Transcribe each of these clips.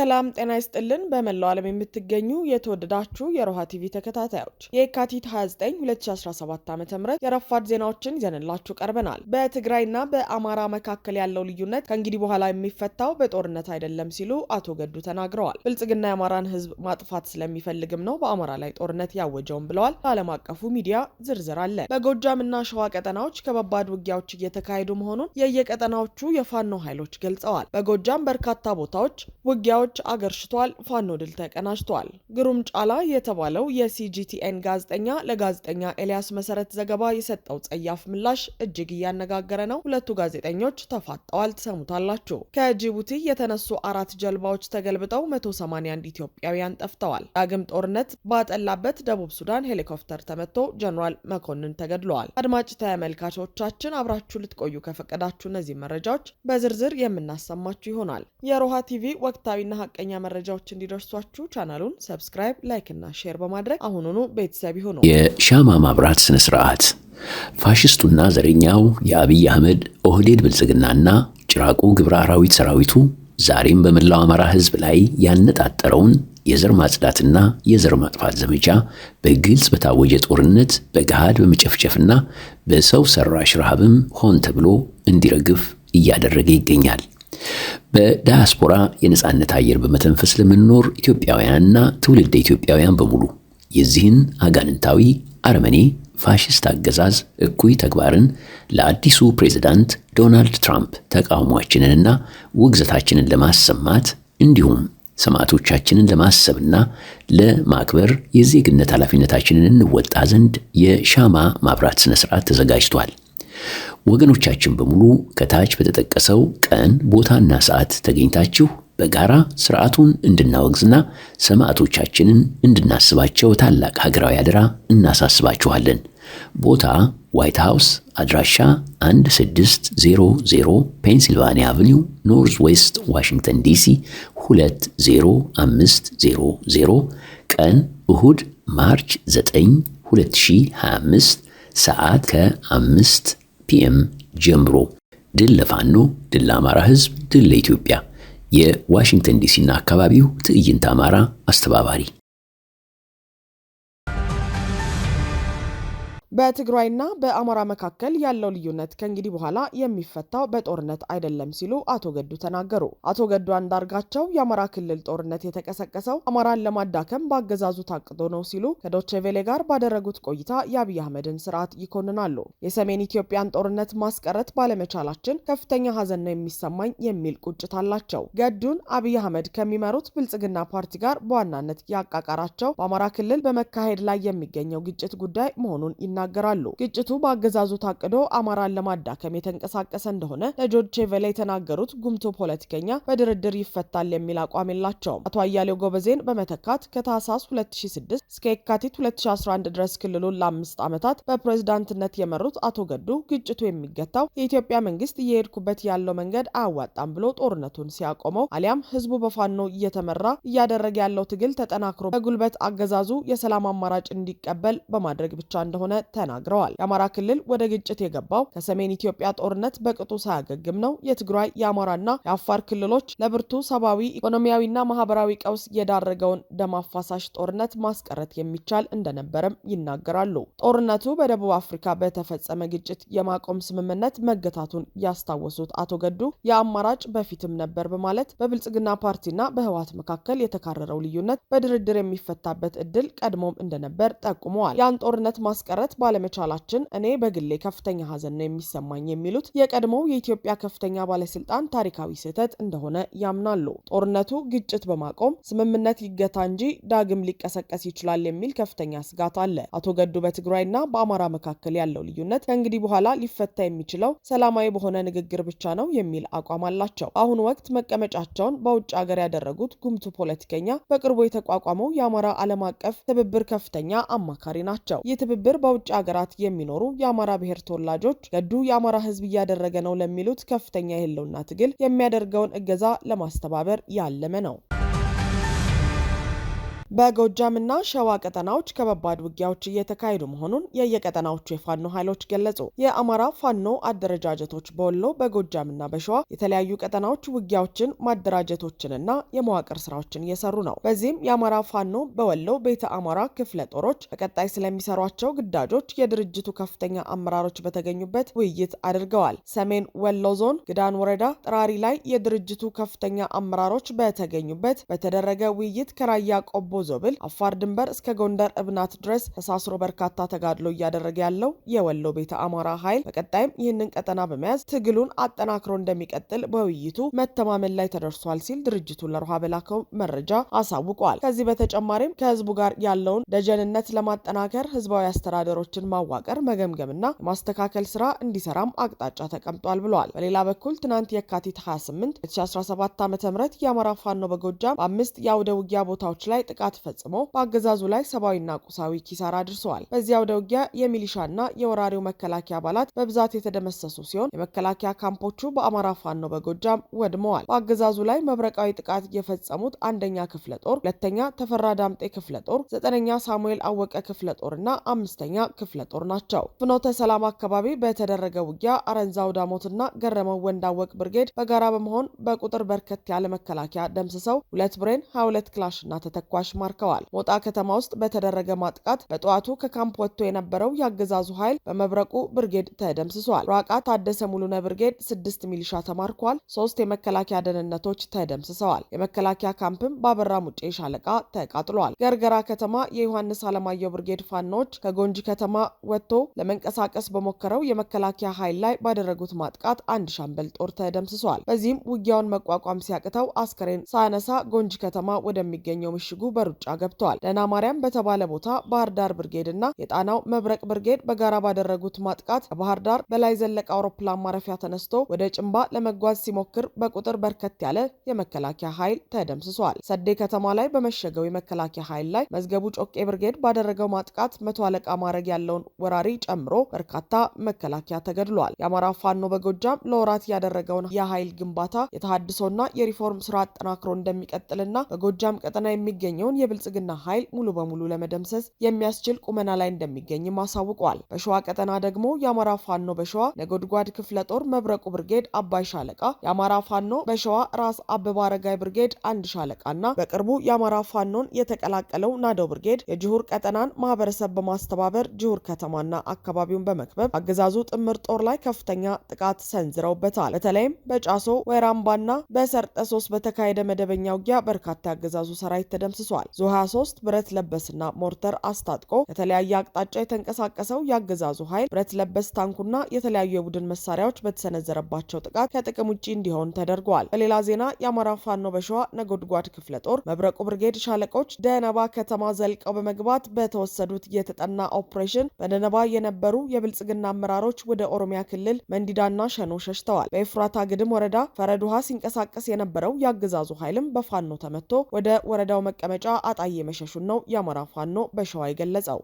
ሰላም ጤና ይስጥልን። በመላው ዓለም የምትገኙ የተወደዳችሁ የሮሃ ቲቪ ተከታታዮች የካቲት 29 2017 ዓ ም የረፋድ ዜናዎችን ይዘንላችሁ ቀርበናል። በትግራይና በአማራ መካከል ያለው ልዩነት ከእንግዲህ በኋላ የሚፈታው በጦርነት አይደለም ሲሉ አቶ ገዱ ተናግረዋል። ብልጽግና የአማራን ህዝብ ማጥፋት ስለሚፈልግም ነው በአማራ ላይ ጦርነት ያወጀውም ብለዋል። ለዓለም አቀፉ ሚዲያ ዝርዝር አለ። በጎጃምና ሸዋ ቀጠናዎች ከባባድ ውጊያዎች እየተካሄዱ መሆኑን የየቀጠናዎቹ የፋኖ ኃይሎች ገልጸዋል። በጎጃም በርካታ ቦታዎች ውጊያዎች ስፍራዎች አገርሽቷል። ፋኖ ድል ተቀናጅቷል። ግሩም ጫላ የተባለው የሲጂቲኤን ጋዜጠኛ ለጋዜጠኛ ኤልያስ መሰረት ዘገባ የሰጠው ጸያፍ ምላሽ እጅግ እያነጋገረ ነው። ሁለቱ ጋዜጠኞች ተፋጠዋል። ትሰሙታላችሁ። ከጅቡቲ የተነሱ አራት ጀልባዎች ተገልብጠው 181 ኢትዮጵያውያን ጠፍተዋል። ዳግም ጦርነት ባጠላበት ደቡብ ሱዳን ሄሊኮፕተር ተመቶ ጀኔራል መኮንን ተገድለዋል። አድማጭ ተመልካቾቻችን አብራችሁ ልትቆዩ ከፈቀዳችሁ እነዚህ መረጃዎች በዝርዝር የምናሰማችሁ ይሆናል። የሮሃ ቲቪ ወቅታዊ ታማኝና ሀቀኛ መረጃዎች እንዲደርሷችሁ ቻናሉን ሰብስክራይብ፣ እና ሼር በማድረግ አሁኑኑ ቤተሰብ ይሁኑ። የሻማ ማብራት ስነ ስርዓት ፋሽስቱና ዘረኛው የአብይ አህመድ ኦህዴድ ብልጽግናና ጭራቁ ግብረ አራዊት ሰራዊቱ ዛሬም በመላው አማራ ህዝብ ላይ ያነጣጠረውን የዘር ማጽዳትና የዘር ማጥፋት ዘመቻ በግልጽ በታወጀ ጦርነት በገሃድ በመጨፍጨፍና በሰው ሰራሽ ረሃብም ሆን ተብሎ እንዲረግፍ እያደረገ ይገኛል። በዳያስፖራ የነጻነት አየር በመተንፈስ ለምንኖር ኢትዮጵያውያንና ትውልድ ኢትዮጵያውያን በሙሉ የዚህን አጋንንታዊ አረመኔ ፋሽስት አገዛዝ እኩይ ተግባርን ለአዲሱ ፕሬዝዳንት ዶናልድ ትራምፕ ተቃውሟችንንና ውግዘታችንን ለማሰማት እንዲሁም ሰማዕቶቻችንን ለማሰብና ለማክበር የዜግነት ኃላፊነታችንን እንወጣ ዘንድ የሻማ ማብራት ስነ ስርዓት ተዘጋጅቷል። ወገኖቻችን በሙሉ ከታች በተጠቀሰው ቀን ቦታና ሰዓት ተገኝታችሁ በጋራ ስርዓቱን እንድናወግዝና ሰማዕቶቻችንን እንድናስባቸው ታላቅ ሀገራዊ አደራ እናሳስባችኋለን። ቦታ ዋይት ሃውስ፣ አድራሻ 1600 ፔንሲልቫኒያ አቨኒው ኖርዝ ዌስት ዋሽንግተን ዲሲ 20500፣ ቀን እሁድ ማርች 9 2025፣ ሰዓት ከአምስት ፒኤም ጀምሮ ድል ለፋኖ፣ ድል ለአማራ ህዝብ ድል ለኢትዮጵያ የዋሽንግተን ዲሲና አካባቢው ትዕይንት አማራ አስተባባሪ በትግራይና በአማራ መካከል ያለው ልዩነት ከእንግዲህ በኋላ የሚፈታው በጦርነት አይደለም ሲሉ አቶ ገዱ ተናገሩ። አቶ ገዱ አንዳርጋቸው የአማራ ክልል ጦርነት የተቀሰቀሰው አማራን ለማዳከም በአገዛዙ ታቅዶ ነው ሲሉ ከዶቼቬሌ ጋር ባደረጉት ቆይታ የአብይ አህመድን ስርዓት ይኮንናሉ። የሰሜን ኢትዮጵያን ጦርነት ማስቀረት ባለመቻላችን ከፍተኛ ሀዘን ነው የሚሰማኝ የሚል ቁጭት አላቸው። ገዱን አብይ አህመድ ከሚመሩት ብልጽግና ፓርቲ ጋር በዋናነት ያቃቃራቸው በአማራ ክልል በመካሄድ ላይ የሚገኘው ግጭት ጉዳይ መሆኑን ይናል ይናገራሉ። ግጭቱ በአገዛዙ ታቅዶ አማራን ለማዳከም የተንቀሳቀሰ እንደሆነ ለጆርጄ ቬለ የተናገሩት ጉምቱ ፖለቲከኛ በድርድር ይፈታል የሚል አቋም የላቸውም። አቶ አያሌው ጎበዜን በመተካት ከታህሳስ 2006 እስከ የካቲት 2011 ድረስ ክልሉን ለአምስት ዓመታት በፕሬዝዳንትነት የመሩት አቶ ገዱ ግጭቱ የሚገታው የኢትዮጵያ መንግስት እየሄድኩበት ያለው መንገድ አያዋጣም ብሎ ጦርነቱን ሲያቆመው አሊያም ህዝቡ በፋኖ እየተመራ እያደረገ ያለው ትግል ተጠናክሮ በጉልበት አገዛዙ የሰላም አማራጭ እንዲቀበል በማድረግ ብቻ እንደሆነ ተናግረዋል። የአማራ ክልል ወደ ግጭት የገባው ከሰሜን ኢትዮጵያ ጦርነት በቅጡ ሳያገግም ነው። የትግራይ የአማራና የአፋር ክልሎች ለብርቱ ሰብአዊ፣ ኢኮኖሚያዊና ማህበራዊ ቀውስ የዳረገውን ደም አፋሳሽ ጦርነት ማስቀረት የሚቻል እንደነበረም ይናገራሉ። ጦርነቱ በደቡብ አፍሪካ በተፈጸመ ግጭት የማቆም ስምምነት መገታቱን ያስታወሱት አቶ ገዱ የአማራጭ በፊትም ነበር በማለት በብልጽግና ፓርቲና በህወሓት መካከል የተካረረው ልዩነት በድርድር የሚፈታበት እድል ቀድሞም እንደነበር ጠቁመዋል። ያን ጦርነት ማስቀረት ባለመቻላችን እኔ በግሌ ከፍተኛ ሀዘን ነው የሚሰማኝ የሚሉት የቀድሞው የኢትዮጵያ ከፍተኛ ባለስልጣን ታሪካዊ ስህተት እንደሆነ ያምናሉ። ጦርነቱ ግጭት በማቆም ስምምነት ይገታ እንጂ ዳግም ሊቀሰቀስ ይችላል የሚል ከፍተኛ ስጋት አለ። አቶ ገዱ በትግራይና በአማራ መካከል ያለው ልዩነት ከእንግዲህ በኋላ ሊፈታ የሚችለው ሰላማዊ በሆነ ንግግር ብቻ ነው የሚል አቋም አላቸው። አሁን ወቅት መቀመጫቸውን በውጭ ሀገር ያደረጉት ጉምቱ ፖለቲከኛ በቅርቡ የተቋቋመው የአማራ ዓለም አቀፍ ትብብር ከፍተኛ አማካሪ ናቸው። ይህ ትብብር በውጭ ሀገራት የሚኖሩ የአማራ ብሔር ተወላጆች ገዱ የአማራ ህዝብ እያደረገ ነው ለሚሉት ከፍተኛ የህልውና ትግል የሚያደርገውን እገዛ ለማስተባበር ያለመ ነው። በጎጃምና ሸዋ ቀጠናዎች ከባባድ ውጊያዎች እየተካሄዱ መሆኑን የየቀጠናዎቹ የፋኖ ኃይሎች ገለጹ። የአማራ ፋኖ አደረጃጀቶች በወሎ በጎጃምና በሸዋ የተለያዩ ቀጠናዎች ውጊያዎችን ማደራጀቶችንና የመዋቅር ስራዎችን እየሰሩ ነው። በዚህም የአማራ ፋኖ በወሎ ቤተ አማራ ክፍለ ጦሮች በቀጣይ ስለሚሰሯቸው ግዳጆች የድርጅቱ ከፍተኛ አመራሮች በተገኙበት ውይይት አድርገዋል። ሰሜን ወሎ ዞን ግዳን ወረዳ ጥራሪ ላይ የድርጅቱ ከፍተኛ አመራሮች በተገኙበት በተደረገ ውይይት ከራያ ቆቦ ዞብል አፋር ድንበር እስከ ጎንደር እብናት ድረስ ተሳስሮ በርካታ ተጋድሎ እያደረገ ያለው የወሎ ቤተ አማራ ኃይል በቀጣይም ይህንን ቀጠና በመያዝ ትግሉን አጠናክሮ እንደሚቀጥል በውይይቱ መተማመን ላይ ተደርሷል ሲል ድርጅቱ ለሮሃ በላከው መረጃ አሳውቋል። ከዚህ በተጨማሪም ከህዝቡ ጋር ያለውን ደጀንነት ለማጠናከር ህዝባዊ አስተዳደሮችን ማዋቀር መገምገምና የማስተካከል ስራ እንዲሰራም አቅጣጫ ተቀምጧል ብለዋል። በሌላ በኩል ትናንት የካቲት 28 2017 ዓ ም የአማራ ፋኖ በጎጃም በአምስት የአውደ ውጊያ ቦታዎች ላይ ጥቃት ጥቃት ፈጽሞ በአገዛዙ ላይ ሰብአዊና ቁሳዊ ኪሳራ አድርሰዋል። በዚያ አውደ ውጊያ የሚሊሻና የወራሪው መከላከያ አባላት በብዛት የተደመሰሱ ሲሆን የመከላከያ ካምፖቹ በአማራ ፋኖ በጎጃም ወድመዋል። በአገዛዙ ላይ መብረቃዊ ጥቃት የፈጸሙት አንደኛ ክፍለ ጦር፣ ሁለተኛ ተፈራ ዳምጤ ክፍለ ጦር፣ ዘጠነኛ ሳሙኤል አወቀ ክፍለ ጦር እና አምስተኛ ክፍለ ጦር ናቸው። ፍኖተ ሰላም አካባቢ በተደረገ ውጊያ አረንዛው ዳሞትና ገረመው ወንዳወቅ ብርጌድ በጋራ በመሆን በቁጥር በርከት ያለ መከላከያ ደምስሰው ሁለት ብሬን፣ 22 ክላሽና ተተኳሽ ተማርከዋል። ሞጣ ከተማ ውስጥ በተደረገ ማጥቃት በጠዋቱ ከካምፕ ወጥቶ የነበረው የአገዛዙ ኃይል በመብረቁ ብርጌድ ተደምስሷል። ሯቃ ታደሰ ሙሉነ ብርጌድ ስድስት ሚሊሻ ተማርኳል። ሶስት የመከላከያ ደህንነቶች ተደምስሰዋል። የመከላከያ ካምፕም ባበራ ሙጬ ሻለቃ ተቃጥሏል። ገርገራ ከተማ የዮሐንስ አለማየሁ ብርጌድ ፋኖች ከጎንጂ ከተማ ወጥቶ ለመንቀሳቀስ በሞከረው የመከላከያ ኃይል ላይ ባደረጉት ማጥቃት አንድ ሻምበል ጦር ተደምስሷል። በዚህም ውጊያውን መቋቋም ሲያቅተው አስከሬን ሳያነሳ ጎንጂ ከተማ ወደሚገኘው ምሽጉ በሩ ሩጫ ገብተዋል። ደና ማርያም በተባለ ቦታ ባህር ዳር ብርጌድ እና የጣናው መብረቅ ብርጌድ በጋራ ባደረጉት ማጥቃት ከባህር ዳር በላይ ዘለቀ አውሮፕላን ማረፊያ ተነስቶ ወደ ጭንባ ለመጓዝ ሲሞክር በቁጥር በርከት ያለ የመከላከያ ኃይል ተደምስሷል። ሰዴ ከተማ ላይ በመሸገው የመከላከያ ኃይል ላይ መዝገቡ ጮቄ ብርጌድ ባደረገው ማጥቃት መቶ አለቃ ማድረግ ያለውን ወራሪ ጨምሮ በርካታ መከላከያ ተገድሏል። የአማራ ፋኖ በጎጃም ለወራት ያደረገውን የኃይል ግንባታ የተሃድሶና የሪፎርም ስራ አጠናክሮ እንደሚቀጥልና በጎጃም ቀጠና የሚገኘውን የብልጽግና ኃይል ሙሉ በሙሉ ለመደምሰስ የሚያስችል ቁመና ላይ እንደሚገኝም አሳውቋል። በሸዋ ቀጠና ደግሞ የአማራ ፋኖ በሸዋ ነጎድጓድ ክፍለ ጦር መብረቁ ብርጌድ አባይ ሻለቃ፣ የአማራ ፋኖ በሸዋ ራስ አበባ አረጋይ ብርጌድ አንድ ሻለቃ እና በቅርቡ የአማራ ፋኖን የተቀላቀለው ናደው ብርጌድ የጅሁር ቀጠናን ማህበረሰብ በማስተባበር ጅሁር ከተማና አካባቢውን በመክበብ አገዛዙ ጥምር ጦር ላይ ከፍተኛ ጥቃት ሰንዝረውበታል። በተለይም በጫሶ ወይራምባና በሰርጠሶስ በተካሄደ መደበኛ ውጊያ በርካታ የአገዛዙ ሰራዊት ተደምስሷል። ገልጸዋል። ዙ 23 ብረት ለበስና ሞርተር አስታጥቆ ከተለያየ አቅጣጫ የተንቀሳቀሰው የአገዛዙ ኃይል ብረት ለበስ ታንኩና የተለያዩ የቡድን መሳሪያዎች በተሰነዘረባቸው ጥቃት ከጥቅም ውጭ እንዲሆን ተደርገዋል። በሌላ ዜና የአማራ ፋኖ በሸዋ ነጎድጓድ ክፍለ ጦር መብረቁ ብርጌድ ሻለቆች ደነባ ከተማ ዘልቀው በመግባት በተወሰዱት የተጠና ኦፕሬሽን በደነባ የነበሩ የብልጽግና አመራሮች ወደ ኦሮሚያ ክልል መንዲዳና ሸኖ ሸሽተዋል። በኤፍራታ ግድም ወረዳ ፈረድ ውሃ ሲንቀሳቀስ የነበረው የአገዛዙ ኃይልም በፋኖ ተመቶ ወደ ወረዳው መቀመጫ አጣዬ መሸሹን ነው የአማራ ፋኖ በሸዋ የገለጸው።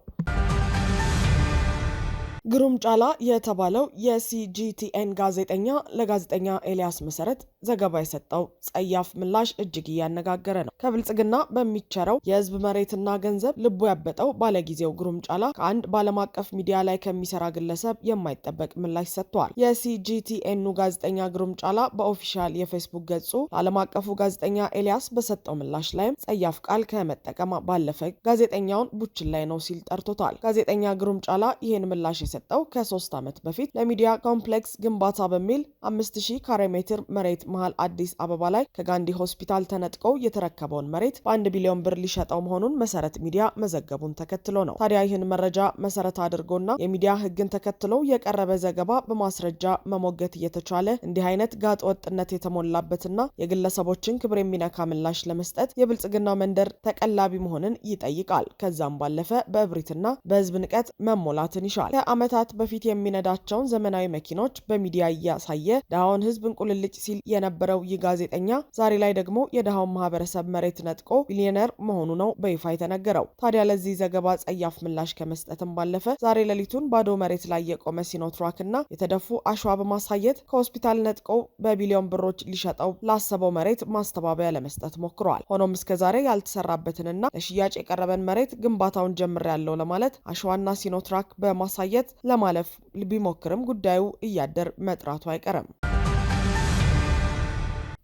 ግሩም ጫላ የተባለው የሲጂቲኤን ጋዜጠኛ ለጋዜጠኛ ኤልያስ መሰረት ዘገባ የሰጠው ጸያፍ ምላሽ እጅግ እያነጋገረ ነው። ከብልጽግና በሚቸረው የህዝብ መሬትና ገንዘብ ልቡ ያበጠው ባለጊዜው ግሩም ጫላ ከአንድ በዓለም አቀፍ ሚዲያ ላይ ከሚሰራ ግለሰብ የማይጠበቅ ምላሽ ሰጥተዋል። የሲጂቲኤኑ ጋዜጠኛ ግሩም ጫላ በኦፊሻል የፌስቡክ ገጹ ለዓለም አቀፉ ጋዜጠኛ ኤልያስ በሰጠው ምላሽ ላይም ጸያፍ ቃል ከመጠቀም ባለፈ ጋዜጠኛውን ቡችን ላይ ነው ሲል ጠርቶታል። ጋዜጠኛ ግሩም ጫላ ይህን ምላሽ የሰጠው ከሶስት ዓመት በፊት ለሚዲያ ኮምፕሌክስ ግንባታ በሚል አምስት ሺህ ካሬ ሜትር መሬት መሀል አዲስ አበባ ላይ ከጋንዲ ሆስፒታል ተነጥቆ የተረከበውን መሬት በአንድ ቢሊዮን ብር ሊሸጠው መሆኑን መሰረት ሚዲያ መዘገቡን ተከትሎ ነው። ታዲያ ይህን መረጃ መሰረት አድርጎና የሚዲያ ህግን ተከትሎ የቀረበ ዘገባ በማስረጃ መሞገት እየተቻለ እንዲህ አይነት ጋጥ ወጥነት የተሞላበትና የግለሰቦችን ክብር የሚነካ ምላሽ ለመስጠት የብልጽግና መንደር ተቀላቢ መሆንን ይጠይቃል። ከዛም ባለፈ በእብሪትና በህዝብ ንቀት መሞላትን ይሻል። ከዓመታት በፊት የሚነዳቸውን ዘመናዊ መኪኖች በሚዲያ እያሳየ ድሃውን ሕዝብ እንቁልልጭ ሲል የነበረው ይህ ጋዜጠኛ ዛሬ ላይ ደግሞ የድሃውን ማህበረሰብ መሬት ነጥቆ ቢሊዮነር መሆኑ ነው በይፋ የተነገረው። ታዲያ ለዚህ ዘገባ ጸያፍ ምላሽ ከመስጠትም ባለፈ ዛሬ ሌሊቱን ባዶ መሬት ላይ የቆመ ሲኖትራክ እና የተደፉ አሸዋ በማሳየት ከሆስፒታል ነጥቆ በቢሊዮን ብሮች ሊሸጠው ላሰበው መሬት ማስተባበያ ለመስጠት ሞክረዋል። ሆኖም እስከዛሬ ያልተሰራበትንና ለሽያጭ የቀረበን መሬት ግንባታውን ጀምር ያለው ለማለት አሸዋና ሲኖትራክ በማሳየት ለማለፍ ቢሞክርም ጉዳዩ እያደር መጥራቱ አይቀርም።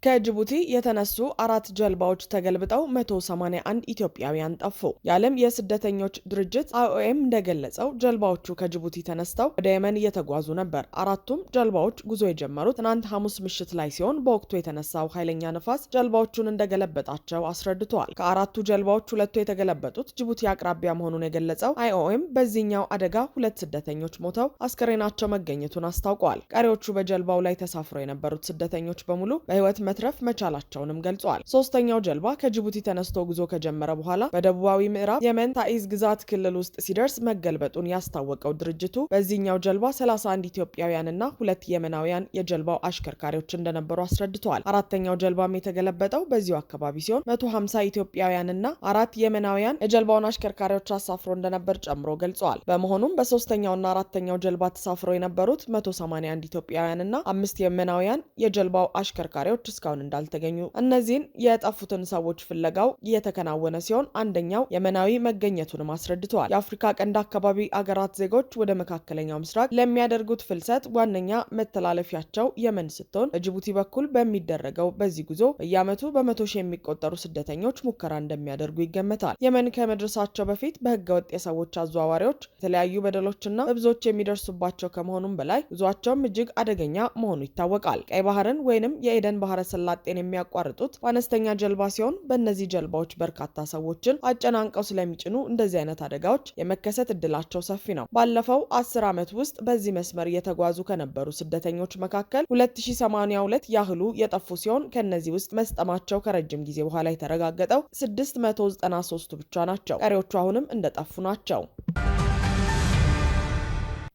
ከጅቡቲ የተነሱ አራት ጀልባዎች ተገልብጠው 181 ኢትዮጵያውያን ጠፉ። የዓለም የስደተኞች ድርጅት አይኦኤም እንደገለጸው ጀልባዎቹ ከጅቡቲ ተነስተው ወደ የመን እየተጓዙ ነበር። አራቱም ጀልባዎች ጉዞ የጀመሩት ትናንት ሐሙስ ምሽት ላይ ሲሆን በወቅቱ የተነሳው ኃይለኛ ነፋስ ጀልባዎቹን እንደገለበጣቸው አስረድተዋል። ከአራቱ ጀልባዎች ሁለቱ የተገለበጡት ጅቡቲ አቅራቢያ መሆኑን የገለጸው አይኦኤም በዚህኛው አደጋ ሁለት ስደተኞች ሞተው አስከሬናቸው መገኘቱን አስታውቀዋል። ቀሪዎቹ በጀልባው ላይ ተሳፍረው የነበሩት ስደተኞች በሙሉ በህይወት መትረፍ መቻላቸውንም ገልጿል። ሶስተኛው ጀልባ ከጅቡቲ ተነስቶ ጉዞ ከጀመረ በኋላ በደቡባዊ ምዕራብ የመን ታኢዝ ግዛት ክልል ውስጥ ሲደርስ መገልበጡን ያስታወቀው ድርጅቱ በዚህኛው ጀልባ 31 ኢትዮጵያውያንና ሁለት የመናውያን የጀልባው አሽከርካሪዎች እንደነበሩ አስረድተዋል። አራተኛው ጀልባም የተገለበጠው በዚሁ አካባቢ ሲሆን 150 ኢትዮጵያውያንና አራት የመናውያን የጀልባውን አሽከርካሪዎች አሳፍሮ እንደነበር ጨምሮ ገልጸዋል። በመሆኑም በሶስተኛውና አራተኛው ጀልባ ተሳፍሮ የነበሩት 181 ኢትዮጵያውያንና አምስት የመናውያን የጀልባው አሽከርካሪዎች እስካሁን እንዳልተገኙ እነዚህን የጠፉትን ሰዎች ፍለጋው እየተከናወነ ሲሆን አንደኛው የመናዊ መገኘቱንም አስረድተዋል። የአፍሪካ ቀንድ አካባቢ አገራት ዜጎች ወደ መካከለኛው ምስራቅ ለሚያደርጉት ፍልሰት ዋነኛ መተላለፊያቸው የመን ስትሆን በጅቡቲ በኩል በሚደረገው በዚህ ጉዞ በየዓመቱ በመቶ ሺህ የሚቆጠሩ ስደተኞች ሙከራ እንደሚያደርጉ ይገመታል። የመን ከመድረሳቸው በፊት በህገወጥ የሰዎች አዘዋዋሪዎች የተለያዩ በደሎችና እብዞች የሚደርሱባቸው ከመሆኑም በላይ ጉዟቸውም እጅግ አደገኛ መሆኑ ይታወቃል። ቀይ ባህርን ወይንም የኤደን ባህረ ሰላጤን የሚያቋርጡት በአነስተኛ ጀልባ ሲሆን በእነዚህ ጀልባዎች በርካታ ሰዎችን አጨናንቀው ስለሚጭኑ እንደዚህ አይነት አደጋዎች የመከሰት እድላቸው ሰፊ ነው። ባለፈው አስር ዓመት ውስጥ በዚህ መስመር እየተጓዙ ከነበሩ ስደተኞች መካከል 2082 ያህሉ የጠፉ ሲሆን ከእነዚህ ውስጥ መስጠማቸው ከረጅም ጊዜ በኋላ የተረጋገጠው 693ቱ ብቻ ናቸው። ቀሪዎቹ አሁንም እንደጠፉ ናቸው።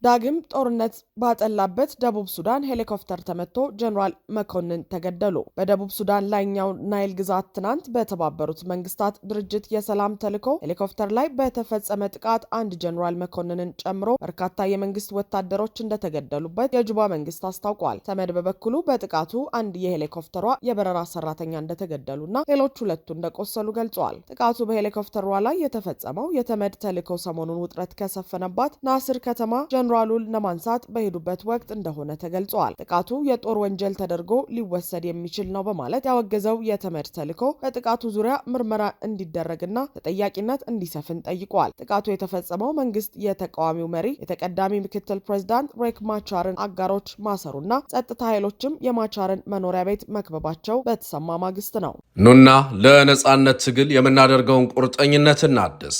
ዳግም ጦርነት ባጠላበት ደቡብ ሱዳን ሄሊኮፕተር ተመቶ ጀኔራል መኮንን ተገደሉ። በደቡብ ሱዳን ላይኛው ናይል ግዛት ትናንት በተባበሩት መንግስታት ድርጅት የሰላም ተልዕኮ ሄሊኮፕተር ላይ በተፈጸመ ጥቃት አንድ ጀኔራል መኮንንን ጨምሮ በርካታ የመንግስት ወታደሮች እንደተገደሉበት የጁባ መንግስት አስታውቋል። ተመድ በበኩሉ በጥቃቱ አንድ የሄሊኮፕተሯ የበረራ ሰራተኛ እንደተገደሉና ሌሎች ሁለቱ እንደቆሰሉ ገልጿል። ጥቃቱ በሄሊኮፕተሯ ላይ የተፈጸመው የተመድ ተልዕኮ ሰሞኑን ውጥረት ከሰፈነባት ናስር ከተማ ጀኔራሉን ለማንሳት በሄዱበት ወቅት እንደሆነ ተገልጿል። ጥቃቱ የጦር ወንጀል ተደርጎ ሊወሰድ የሚችል ነው በማለት ያወገዘው የተመድ ተልዕኮ በጥቃቱ ዙሪያ ምርመራ እንዲደረግና ተጠያቂነት እንዲሰፍን ጠይቋል። ጥቃቱ የተፈጸመው መንግስት የተቃዋሚው መሪ የተቀዳሚ ምክትል ፕሬዚዳንት ሬክ ማቻርን አጋሮች ማሰሩና ጸጥታ ኃይሎችም የማቻርን መኖሪያ ቤት መክበባቸው በተሰማ ማግስት ነው። ኑና ለነጻነት ትግል የምናደርገውን ቁርጠኝነት እናድስ።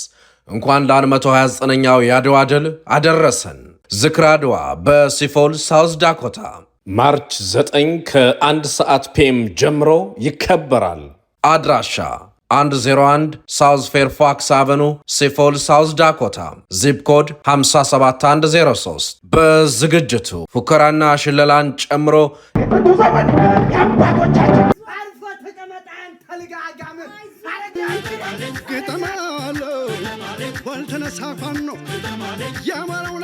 እንኳን ለ129ኛው የአድዋ ድል አደረሰን። ዝክራድዋ በሲፎል ሳውዝ ዳኮታ ማርች 9 ከአንድ ሰዓት ፒኤም ጀምሮ ይከበራል። አድራሻ 101 ሳውዝ ፌርፋክስ አቨኑ ሲፎል ሳውዝ ዳኮታ ዚፕ ኮድ 57103። በዝግጅቱ ፉከራና ሽለላን ጨምሮ ተነሳ ፋኖ የአማራው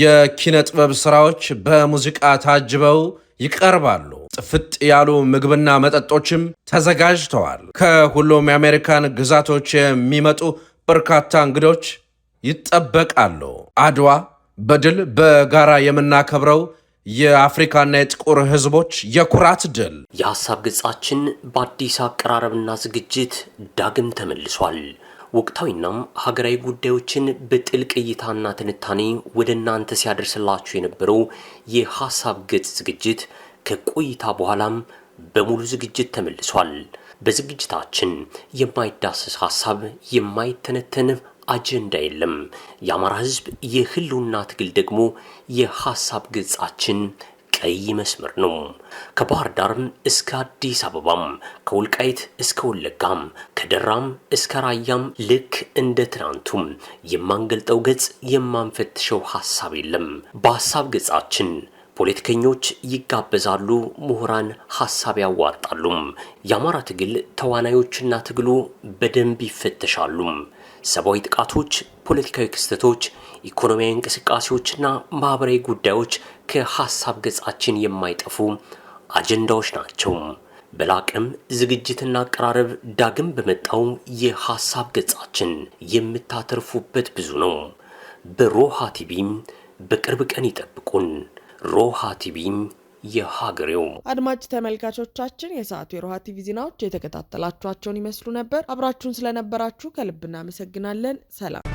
የኪነ ጥበብ ስራዎች በሙዚቃ ታጅበው ይቀርባሉ። ጥፍጥ ያሉ ምግብና መጠጦችም ተዘጋጅተዋል። ከሁሉም የአሜሪካን ግዛቶች የሚመጡ በርካታ እንግዶች ይጠበቃሉ። አድዋ በድል በጋራ የምናከብረው የአፍሪካና የጥቁር ህዝቦች የኩራት ድል። የሀሳብ ገጻችን በአዲስ አቀራረብና ዝግጅት ዳግም ተመልሷል። ወቅታዊና ሀገራዊ ጉዳዮችን በጥልቅ እይታና ትንታኔ ወደ እናንተ ሲያደርስላችሁ የነበረው የሀሳብ ገጽ ዝግጅት ከቆይታ በኋላም በሙሉ ዝግጅት ተመልሷል። በዝግጅታችን የማይዳሰስ ሀሳብ፣ የማይተነተን አጀንዳ የለም። የአማራ ሕዝብ የህልውና ትግል ደግሞ የሀሳብ ገጻችን ቀይ መስመር ነው። ከባህር ዳርም እስከ አዲስ አበባም፣ ከውልቃይት እስከ ወለጋም፣ ከደራም እስከ ራያም ልክ እንደ ትናንቱም የማንገልጠው ገጽ የማንፈትሸው ሐሳብ የለም። በሐሳብ ገጻችን ፖለቲከኞች ይጋበዛሉ፣ ምሁራን ሐሳብ ያዋጣሉም። የአማራ ትግል ተዋናዮችና ትግሉ በደንብ ይፈተሻሉም። ሰብአዊ ጥቃቶች፣ ፖለቲካዊ ክስተቶች፣ ኢኮኖሚያዊ እንቅስቃሴዎችና ማኅበራዊ ጉዳዮች ከሀሳብ ገጻችን የማይጠፉ አጀንዳዎች ናቸው። በላቅም ዝግጅትና አቀራረብ ዳግም በመጣው የሐሳብ ገጻችን የምታተርፉበት ብዙ ነው። በሮሃ ቲቪም በቅርብ ቀን ይጠብቁን። ሮሃ ቲቪም የሀገሬው አድማጭ ተመልካቾቻችን የሰዓቱ የሮሃ ቲቪ ዜናዎች የተከታተላችኋቸውን ይመስሉ ነበር። አብራችሁን ስለነበራችሁ ከልብ እናመሰግናለን። ሰላም